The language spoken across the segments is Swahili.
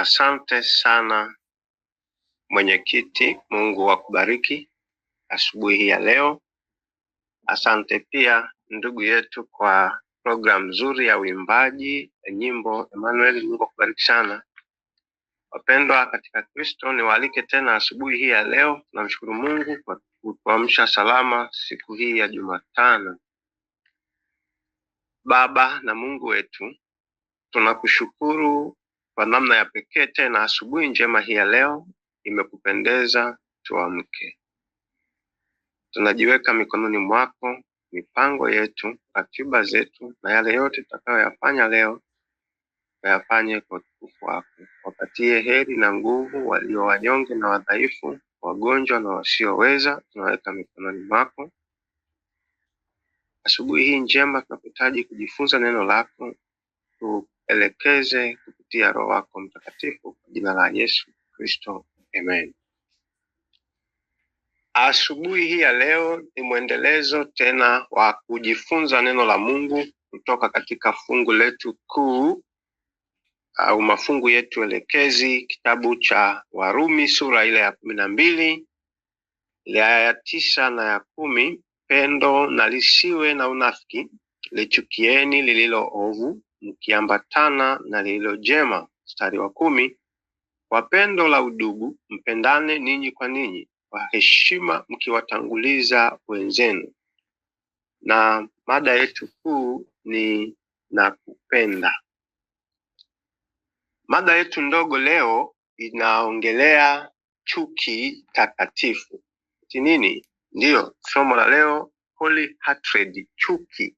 Asante sana mwenyekiti, Mungu akubariki asubuhi hii ya leo. Asante pia ndugu yetu kwa programu nzuri ya uimbaji ya nyimbo. Emmanuel, Mungu akubariki sana. Wapendwa katika Kristo, niwaalike tena asubuhi hii ya leo. Tunamshukuru Mungu kwa kutuamsha salama siku hii ya Jumatano. Baba na Mungu wetu, tunakushukuru kwa namna ya pekee tena, asubuhi njema hii ya leo imekupendeza, tuamke. Tunajiweka mikononi mwako mipango yetu, ratiba zetu, na yale yote tutakayoyafanya leo tuyafanye kwa utukufu wako. Wapatie heri na nguvu walio wanyonge na wadhaifu, wagonjwa na wasioweza, tunaweka mikononi mwako. Asubuhi hii njema tunakuhitaji kujifunza neno lako, tuelekeze kupitia Roho wako Mtakatifu, kwa jina la Yesu Kristo, amen. Asubuhi hii ya leo ni mwendelezo tena wa kujifunza neno la Mungu kutoka katika fungu letu kuu au mafungu yetu elekezi, kitabu cha Warumi sura ile ya kumi na mbili ile aya ya tisa na ya kumi Pendo na lisiwe na unafiki, lichukieni lililo ovu, mkiambatana na lililo jema. Mstari wa kumi, kwa pendo la udugu mpendane ninyi kwa ninyi, kwa heshima mkiwatanguliza wenzenu. Na mada yetu kuu ni na kupenda. Mada yetu ndogo leo inaongelea chuki takatifu. Ti nini? Ndiyo somo la leo, holy hatred, chuki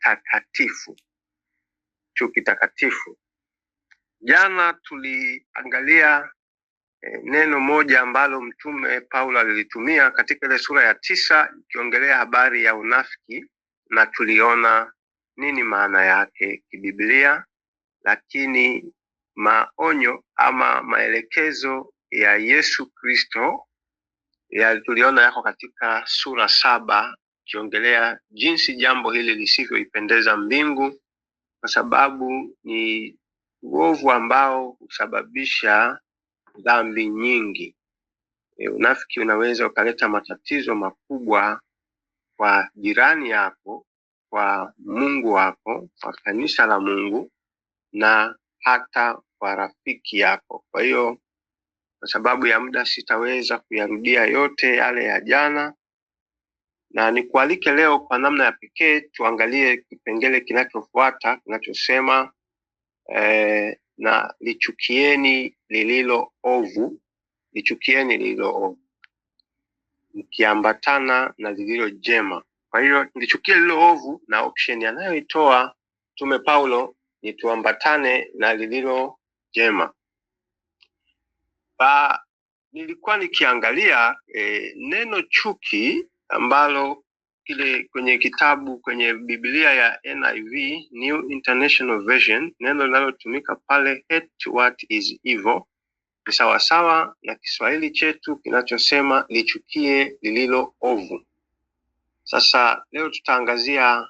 takatifu kitu kitakatifu. Jana tuliangalia e, neno moja ambalo mtume Paulo alilitumia katika ile sura ya tisa ikiongelea habari ya unafiki, na tuliona nini maana yake kibiblia, lakini maonyo ama maelekezo ya Yesu Kristo ya tuliona yako katika sura saba ikiongelea jinsi jambo hili lisivyoipendeza mbingu kwa sababu ni uovu ambao husababisha dhambi nyingi. E, unafiki unaweza ukaleta matatizo makubwa kwa jirani yako, kwa Mungu wako, kwa kanisa la Mungu na hata kwa rafiki yako. Kwa hiyo, kwa sababu ya muda sitaweza kuyarudia yote yale ya jana, na nikualike leo kwa namna ya pekee tuangalie kipengele kinachofuata kinachosema eh, na lichukieni lililo ovu, lichukieni lililo ovu nikiambatana na lililo jema. Kwa hiyo lichukie lililo ovu, na option anayoitoa tume Paulo ni tuambatane na lililo jema. Ba, nilikuwa nikiangalia eh, neno chuki ambalo ile kwenye kitabu kwenye Biblia ya NIV, New International Version, neno linalotumika pale hate what is evil ni sawasawa na Kiswahili chetu kinachosema lichukie lililo ovu. Sasa leo tutaangazia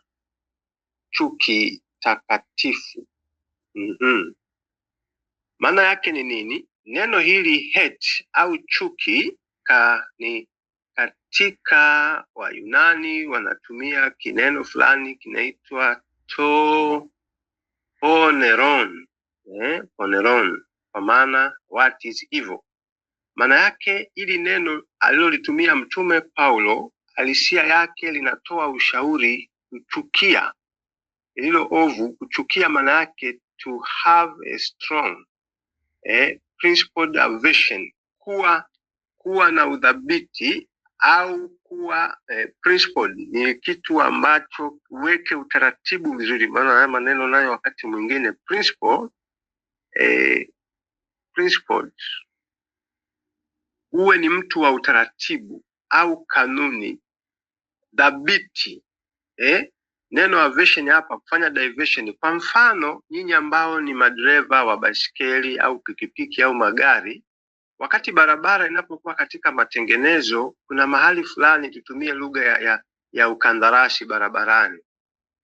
chuki takatifu. mm -hmm. Maana yake ni nini? Neno hili hate au chuki ka, ni katika Wayunani wanatumia kineno fulani kinaitwa to oneron, eh, oneron kwa maana what is evil. Maana yake ili neno alilolitumia Mtume Paulo alisia yake linatoa ushauri kuchukia lilo ovu. Kuchukia maana yake to have a strong eh, principled aversion, kuwa kuwa na udhabiti au kuwa eh, principal ni kitu ambacho weke utaratibu vizuri, maana haya maneno nayo wakati mwingine principal, eh, principal uwe ni mtu wa utaratibu au kanuni dhabiti eh? Neno aversion hapa kufanya diversion. Kwa mfano nyinyi ambao ni madereva wa baisikeli au pikipiki au magari Wakati barabara inapokuwa katika matengenezo, kuna mahali fulani, tutumie lugha ya, ya, ya ukandarasi barabarani,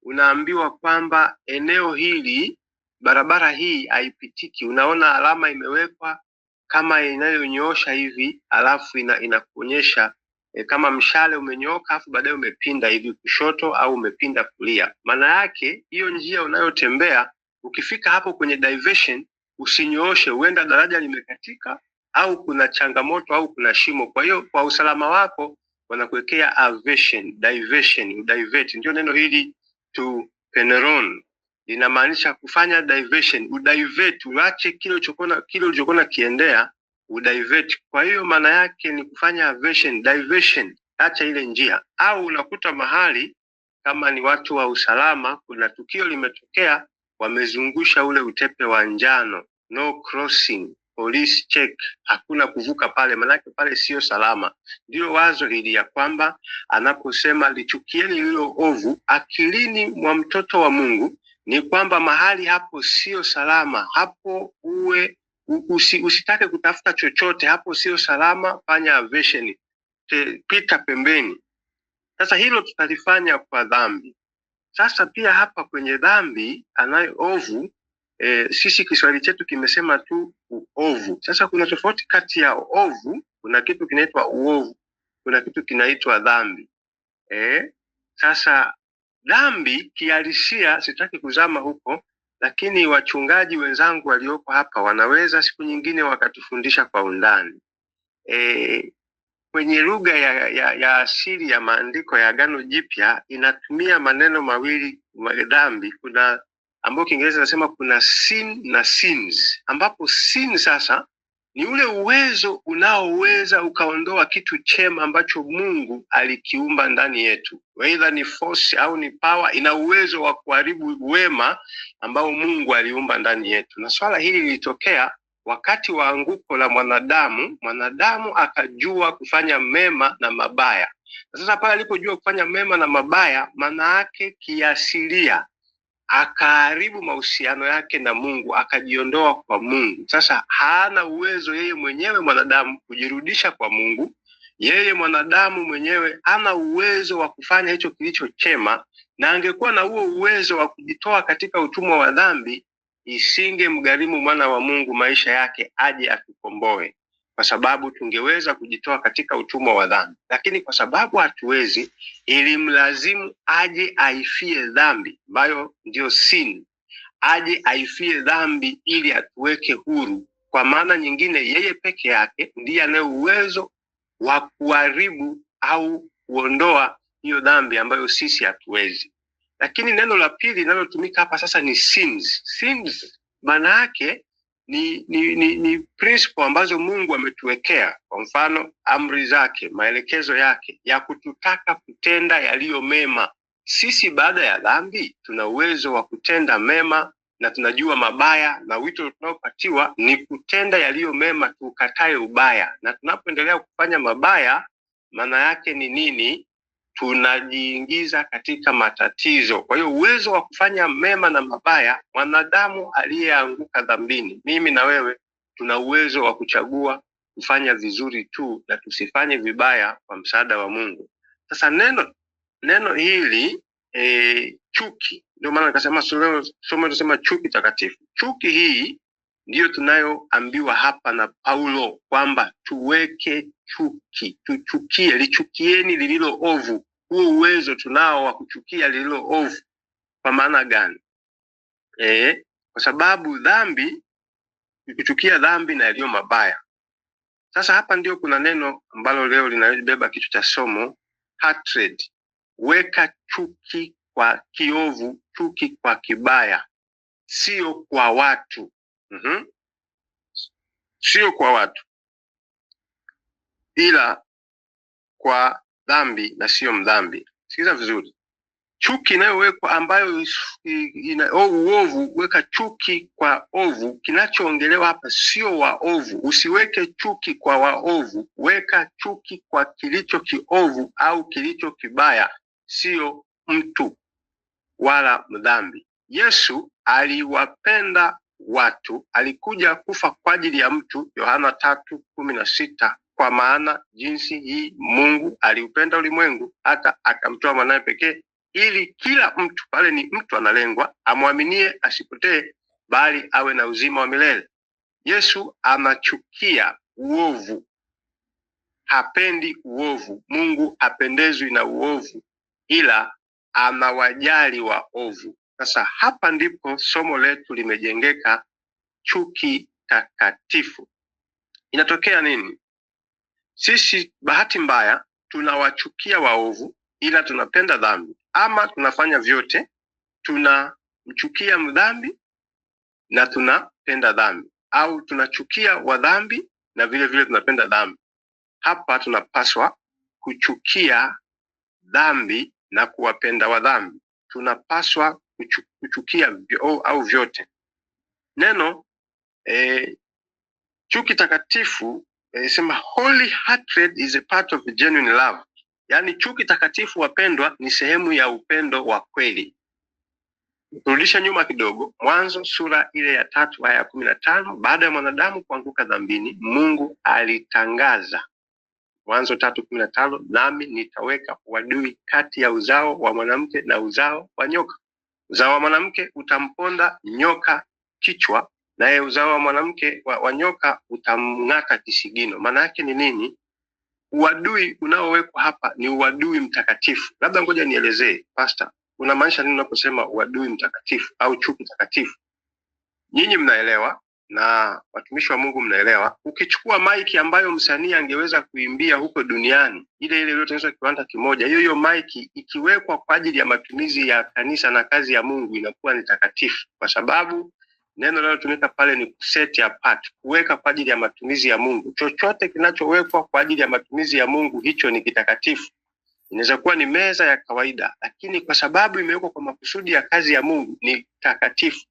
unaambiwa kwamba eneo hili, barabara hii haipitiki. Unaona alama imewekwa kama inayonyoosha hivi, alafu ina, inakuonyesha e, kama mshale umenyooka, alafu baadaye umepinda hivi kushoto au umepinda kulia. Maana yake hiyo njia unayotembea ukifika hapo kwenye diversion usinyooshe, huenda daraja limekatika au kuna changamoto au kuna shimo. Kwa hiyo kwa usalama wako wanakuwekea aversion, diversion, udivert. Ndio neno hili peneron linamaanisha kufanya diversion, udivert, uache kile ulichokuwa kile ulichokuwa nakiendea udivert. Kwa hiyo maana yake ni kufanya aversion, diversion, acha ile njia. Au unakuta mahali kama ni watu wa usalama, kuna tukio limetokea, wamezungusha ule utepe wa njano, no crossing police check, hakuna kuvuka pale, manake pale sio salama. Ndiyo wazo hili ya kwamba anaposema lichukieni lilo ovu, akilini mwa mtoto wa Mungu ni kwamba mahali hapo sio salama, hapo uwe usi, usitake kutafuta chochote hapo, sio salama, fanya aversion, pita pembeni. Sasa hilo tutalifanya kwa dhambi. Sasa pia hapa kwenye dhambi anayo ovu e, sisi Kiswahili chetu kimesema tu uovu. Sasa kuna tofauti kati ya ovu, kuna kitu kinaitwa uovu, kuna kitu kinaitwa dhambi e, sasa dhambi kihalisia, sitaki kuzama huko, lakini wachungaji wenzangu walioko hapa wanaweza siku nyingine wakatufundisha kwa undani e, kwenye lugha ya, ya, ya asili ya maandiko ya Agano Jipya inatumia maneno mawili dhambi. Kuna ambayo Kiingereza inasema kuna sin na sins, ambapo sin sasa ni ule uwezo unaoweza ukaondoa kitu chema ambacho Mungu alikiumba ndani yetu, aidha ni force au ni power, ina uwezo wa kuharibu wema ambao Mungu aliumba ndani yetu. Na swala hili lilitokea wakati wa anguko la mwanadamu. Mwanadamu akajua kufanya mema na mabaya, na sasa pale alipojua kufanya mema na mabaya, maana yake kiasilia akaharibu mahusiano yake na Mungu, akajiondoa kwa Mungu. Sasa hana uwezo yeye mwenyewe mwanadamu kujirudisha kwa Mungu. Yeye mwanadamu mwenyewe hana uwezo wa kufanya hicho kilicho chema, na angekuwa na huo uwezo wa kujitoa katika utumwa wa dhambi, isingemgharimu mwana wa Mungu maisha yake aje akikomboe kwa sababu tungeweza kujitoa katika utumwa wa dhambi, lakini kwa sababu hatuwezi, ilimlazimu aje aifie dhambi ambayo ndiyo sin, aje aifie dhambi ili atuweke huru. Kwa maana nyingine, yeye peke yake ndiye anaye uwezo wa kuharibu au kuondoa hiyo dhambi ambayo sisi hatuwezi. Lakini neno la pili linalotumika hapa sasa ni sins. Sins maana yake ni ni, ni, ni principle ambazo Mungu ametuwekea, kwa mfano amri zake, maelekezo yake ya kututaka kutenda yaliyo mema. Sisi baada ya dhambi tuna uwezo wa kutenda mema na tunajua mabaya, na wito tunaopatiwa ni kutenda yaliyo mema, tuukatae ubaya. Na tunapoendelea kufanya mabaya, maana yake ni nini? tunajiingiza katika matatizo. Kwa hiyo uwezo wa kufanya mema na mabaya, mwanadamu aliyeanguka dhambini, mimi na wewe, tuna uwezo wa kuchagua kufanya vizuri tu na tusifanye vibaya kwa msaada wa Mungu. Sasa neno neno hili e, chuki, ndio maana nikasema somo tunasema chuki takatifu. Chuki hii ndiyo tunayoambiwa hapa na Paulo kwamba tuweke chuki, tuchukie, lichukieni lililo ovu, huo uwezo tunao wa kuchukia lililo ovu. Kwa maana gani? E, kwa sababu dhambi ni kuchukia dhambi na yaliyo mabaya. Sasa hapa ndio kuna neno ambalo leo linabeba kitu cha somo hatred, weka chuki kwa kiovu, chuki kwa kibaya, sio kwa watu mm -hmm. sio kwa watu ila kwa dhambi na sio mdhambi. Sikiza vizuri, chuki inayowekwa ambayo ina, uovu, weka chuki kwa ovu. Kinachoongelewa hapa sio waovu, usiweke chuki kwa waovu, weka chuki kwa kilicho kiovu au kilicho kibaya, siyo mtu wala mdhambi. Yesu aliwapenda watu, alikuja kufa kwa ajili ya mtu, Yohana tatu kumi na sita kwa maana jinsi hii Mungu aliupenda ulimwengu hata akamtoa mwanaye pekee, ili kila mtu, pale ni mtu analengwa, amwaminie asipotee, bali awe na uzima wa milele. Yesu anachukia uovu, hapendi uovu. Mungu apendezwi na uovu, ila anawajali waovu. Sasa hapa ndipo somo letu limejengeka, chuki takatifu. Inatokea nini? Sisi bahati mbaya tunawachukia waovu, ila tunapenda dhambi, ama tunafanya vyote, tunamchukia mdhambi na tunapenda dhambi, au tunachukia wadhambi na vile vile tunapenda dhambi. Hapa tunapaswa kuchukia dhambi na kuwapenda wadhambi. Tunapaswa kuchu, kuchukia vyo, au vyote. Neno e, chuki takatifu Eh, Inasema holy hatred is a part of genuine love, yaani chuki takatifu, wapendwa, ni sehemu ya upendo wa kweli. Turudisha nyuma kidogo, Mwanzo sura ile ya tatu aya ya kumi na tano baada ya mwanadamu kuanguka dhambini, Mungu alitangaza Mwanzo tatu kumi na tano nami nitaweka uadui kati ya uzao wa mwanamke na uzao wa nyoka, uzao wa mwanamke utamponda nyoka kichwa naye uzao wa mwanamke wa, wa nyoka utamng'aka kisigino. Maana yake ni nini? Uadui unaowekwa hapa ni uadui mtakatifu. Labda ngoja nielezee, pasta, unamaanisha nini unaposema uadui mtakatifu au chuki takatifu? Nyinyi mnaelewa na watumishi wa Mungu mnaelewa. Ukichukua maiki ambayo msanii angeweza kuimbia huko duniani, ile ile iliyotengenezwa kiwanda kimoja, hiyo hiyo maiki ikiwekwa kwa ajili ya matumizi ya kanisa na kazi ya Mungu, inakuwa ni takatifu, kwa sababu Neno linalotumika pale ni set apart, kuweka kwa ajili ya matumizi ya Mungu. Chochote kinachowekwa kwa ajili ya matumizi ya Mungu, hicho ni kitakatifu. Inaweza kuwa ni meza ya kawaida, lakini kwa sababu imewekwa kwa makusudi ya kazi ya Mungu ni takatifu.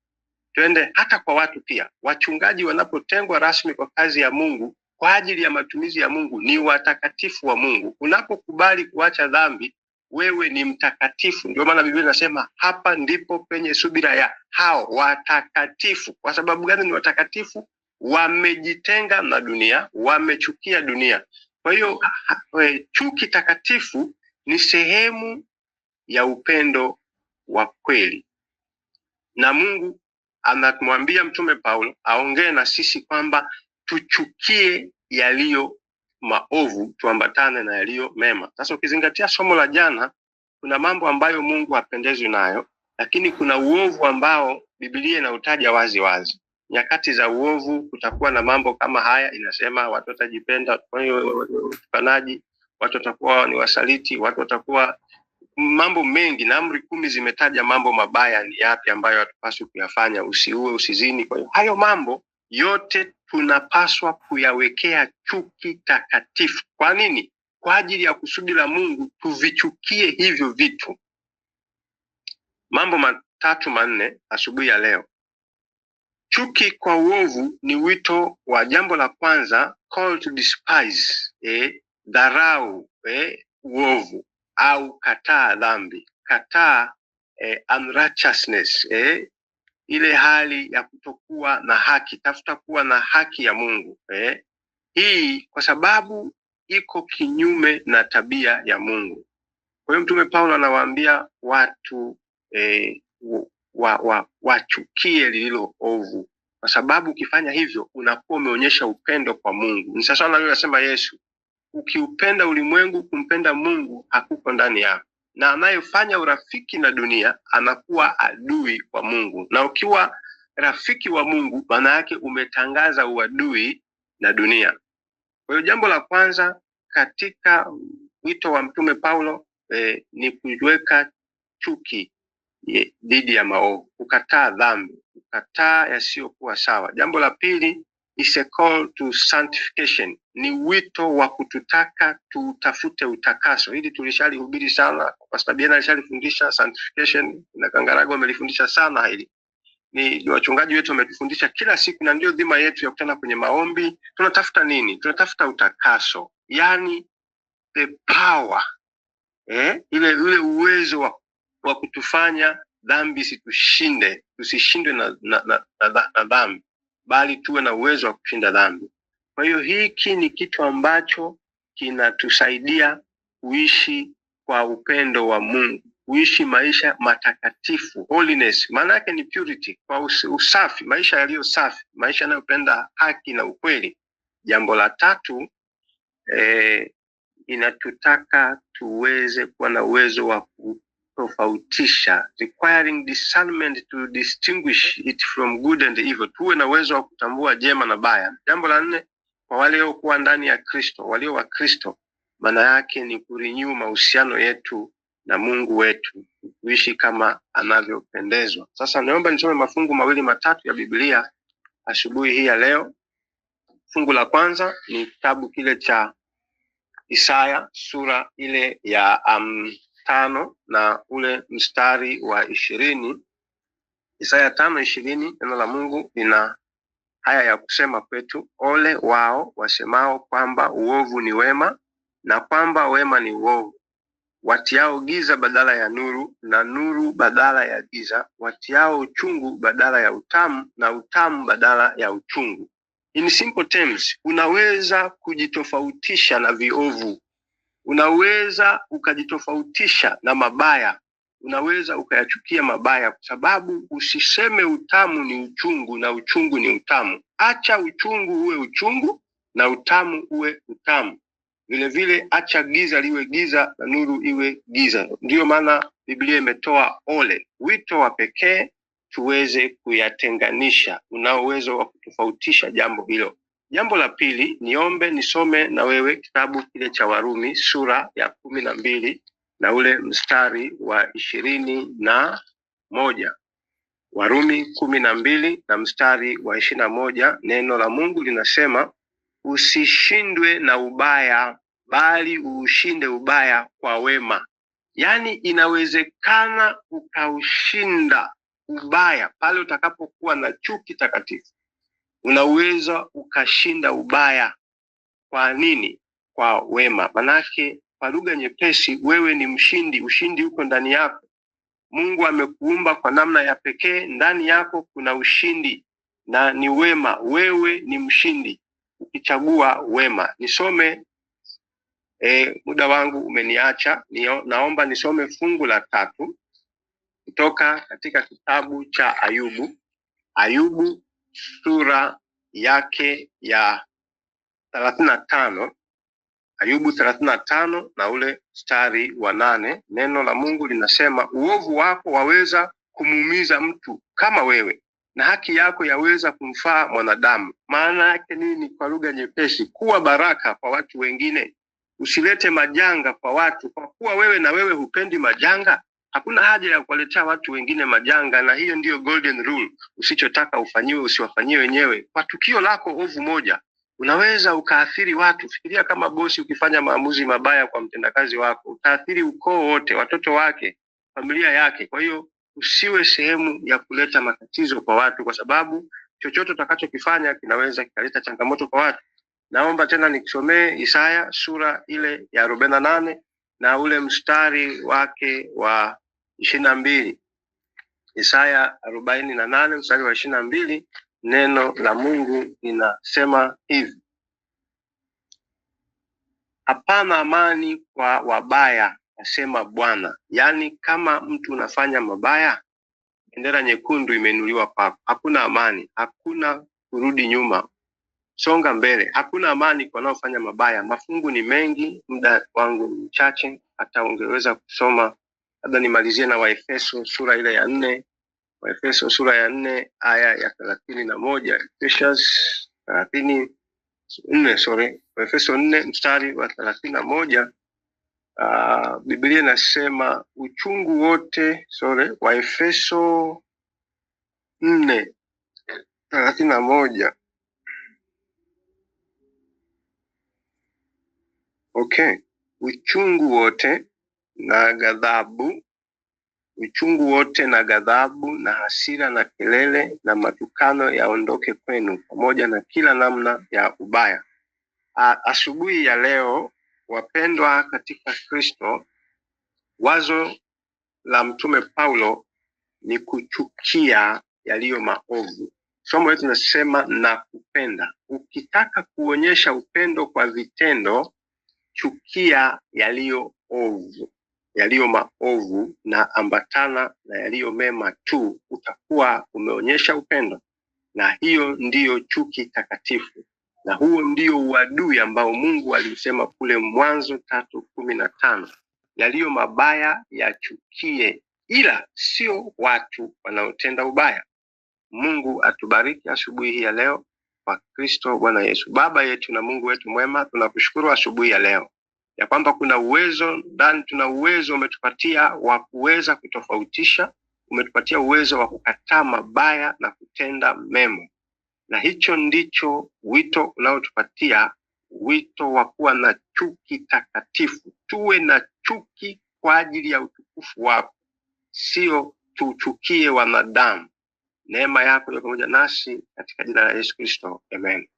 Twende hata kwa watu pia. Wachungaji wanapotengwa rasmi kwa kazi ya Mungu kwa ajili ya matumizi ya Mungu ni watakatifu wa Mungu. Unapokubali kuacha dhambi wewe ni mtakatifu. Ndio maana Biblia inasema hapa ndipo penye subira ya hao watakatifu. Kwa sababu gani ni watakatifu? Wamejitenga na dunia, wamechukia dunia. Kwa hiyo e, chuki takatifu ni sehemu ya upendo wa kweli, na Mungu anamwambia mtume Paulo aongee na sisi kwamba tuchukie yaliyo maovu tuambatane na yaliyo mema. Sasa ukizingatia somo la jana, kuna mambo ambayo Mungu hapendezwi nayo, lakini kuna uovu ambao Biblia inautaja wazi wazi. Nyakati za uovu kutakuwa na mambo kama haya, inasema watu watajipenda, utukanaji, watu watakuwa ni wasaliti, watu watakuwa mambo mengi, na amri kumi zimetaja mambo mabaya ni yapi ambayo hatupaswi kuyafanya: usiue, usizini. Kwa hiyo hayo mambo yote tunapaswa kuyawekea chuki takatifu. Kwa nini? Kwa ajili ya kusudi la Mungu tuvichukie hivyo vitu. Mambo matatu manne asubuhi ya leo. Chuki kwa uovu ni wito wa jambo la kwanza, call to despise, eh, dharau eh, uovu au kataa dhambi, kataa eh, unrighteousness eh, ile hali ya kutokuwa na haki, tafuta kuwa na haki ya Mungu eh? Hii kwa sababu iko kinyume na tabia ya Mungu. Kwa hiyo Mtume Paulo anawaambia watu eh, wachukie wa, wa lililo ovu, kwa sababu ukifanya hivyo unakuwa umeonyesha upendo kwa Mungu. Ni sawasawa na lile Yesu, ukiupenda ulimwengu kumpenda Mungu hakuko ndani yako na anayefanya urafiki na dunia anakuwa adui wa Mungu, na ukiwa rafiki wa Mungu maana yake umetangaza uadui na dunia. Kwa hiyo jambo la kwanza katika wito wa mtume Paulo eh, ni kuweka chuki eh, dhidi ya maovu, kukataa dhambi, kukataa yasiyokuwa sawa. Jambo la pili is a call to sanctification, ni wito wa kututaka tutafute utakaso. Hili tulishalihubiri sana, Pastor Biena alishalifundisha sanctification, na Kangarago amelifundisha sana hili ni, ni wachungaji wetu wametufundisha kila siku, na ndio dhima yetu ya kutana kwenye maombi. Tunatafuta nini? Tunatafuta utakaso, yani the power eh, ile ule uwezo wa, wa kutufanya dhambi situshinde, tusishindwe na, na, na, na, na dhambi bali tuwe na uwezo wa kushinda dhambi. Kwa hiyo hiki ni kitu ambacho kinatusaidia kuishi kwa upendo wa Mungu, kuishi maisha matakatifu holiness, maana yake ni purity, kwa usafi, maisha yaliyo safi, maisha yanayopenda haki na ukweli. Jambo la tatu eh, inatutaka tuweze kuwa na uwezo wa kutofautisha, requiring discernment to distinguish it from good and evil, tuwe na uwezo wa kutambua jema na baya. Jambo la nne, kwa waliokuwa ndani ya Kristo, walio wa Kristo, maana yake ni kurinyu mahusiano yetu na Mungu wetu, kuishi kama anavyopendezwa. Sasa naomba nisome mafungu mawili matatu ya Biblia asubuhi hii ya leo. Fungu la kwanza ni kitabu kile cha Isaya sura ile ya um, tano na ule mstari wa ishirini Isaya tano ishirini neno la Mungu lina haya ya kusema kwetu, ole wao wasemao kwamba uovu ni wema na kwamba wema ni uovu, watiao giza badala ya nuru na nuru badala ya giza, watiao uchungu badala ya utamu na utamu badala ya uchungu. In simple terms, unaweza kujitofautisha na viovu unaweza ukajitofautisha na mabaya, unaweza ukayachukia mabaya, kwa sababu usiseme utamu ni uchungu na uchungu ni utamu. Acha uchungu uwe uchungu na utamu uwe utamu. Vile vile acha giza liwe giza na nuru iwe giza. Ndiyo maana Biblia imetoa ole, wito wa pekee tuweze kuyatenganisha. Unao uwezo wa kutofautisha jambo hilo. Jambo la pili, niombe nisome na wewe kitabu kile cha Warumi sura ya kumi na mbili na ule mstari wa ishirini na moja. Warumi kumi na mbili na mstari wa ishirini na moja, neno la Mungu linasema usishindwe na ubaya, bali uushinde ubaya kwa wema. Yaani inawezekana ukaushinda ubaya pale utakapokuwa na chuki takatifu unaweza ukashinda ubaya. Kwa nini? Kwa wema. Manake kwa lugha nyepesi, wewe ni mshindi, ushindi uko ndani yako. Mungu amekuumba kwa namna ya pekee, ndani yako kuna ushindi na ni wema. Wewe ni mshindi ukichagua wema. Nisome e, muda wangu umeniacha nio, naomba nisome fungu la tatu kutoka katika kitabu cha Ayubu, Ayubu sura yake ya thelathini na tano Ayubu thelathini na tano na ule mstari wa nane neno la Mungu linasema, uovu wako waweza kumuumiza mtu kama wewe na haki yako yaweza kumfaa mwanadamu. Maana yake nini kwa lugha nyepesi? Kuwa baraka kwa watu wengine, usilete majanga kwa watu, kwa kuwa wewe na wewe hupendi majanga. Hakuna haja ya kuwaletea watu wengine majanga, na hiyo ndiyo golden rule: usichotaka ufanyiwe usiwafanyie wenyewe. Kwa tukio lako ovu moja unaweza ukaathiri watu. Fikiria kama bosi, ukifanya maamuzi mabaya kwa mtendakazi wako utaathiri ukoo wote, watoto wake, familia yake. Kwa hiyo usiwe sehemu ya kuleta matatizo kwa watu, kwa sababu chochote utakachokifanya kinaweza kikaleta changamoto kwa watu. Naomba tena nikusomee Isaya sura ile ya arobaini na nane na ule mstari wake wa ishirini na mbili Isaya arobaini na nane mstari wa ishirini na mbili neno la Mungu linasema hivi: hapana amani kwa wabaya, asema Bwana. Yaani, kama mtu unafanya mabaya, bendera nyekundu imeinuliwa kwako Hakuna amani, hakuna kurudi nyuma, songa mbele. Hakuna amani kwa wanaofanya mabaya. Mafungu ni mengi, muda wangu mchache, hata ungeweza kusoma labda nimalizie na Waefeso sura ile ya nne, Waefeso sura ya nne aya ya thelathini na moja thelathini nne sorry, Waefeso nne mstari wa thelathini na moja uh, Biblia inasema uchungu wote sorry, Waefeso nne thelathini na moja okay, uchungu wote na ghadhabu, uchungu wote na ghadhabu na hasira na kelele na matukano yaondoke kwenu, pamoja na kila namna ya ubaya. A, asubuhi ya leo wapendwa katika Kristo, wazo la mtume Paulo ni kuchukia yaliyo maovu. Somo letu nasema na kupenda. Ukitaka kuonyesha upendo kwa vitendo, chukia yaliyo ovu yaliyo maovu na ambatana na yaliyo mema tu, utakuwa umeonyesha upendo. Na hiyo ndiyo chuki takatifu, na huo ndio uadui ambao Mungu aliusema kule Mwanzo tatu kumi na tano, yaliyo mabaya yachukie, ila sio watu wanaotenda ubaya. Mungu atubariki asubuhi hii ya leo kwa Kristo Bwana Yesu. Baba yetu na Mungu wetu mwema, tunakushukuru asubuhi ya leo ya kwamba kuna uwezo ndani, tuna uwezo umetupatia wa kuweza kutofautisha, umetupatia uwezo wa kukataa mabaya na kutenda mema, na hicho ndicho wito unaotupatia wito wa kuwa na chuki takatifu. Tuwe na chuki kwa ajili ya utukufu wako, sio tuchukie wanadamu. Neema yako iliyo pamoja nasi katika jina la Yesu Kristo, amen.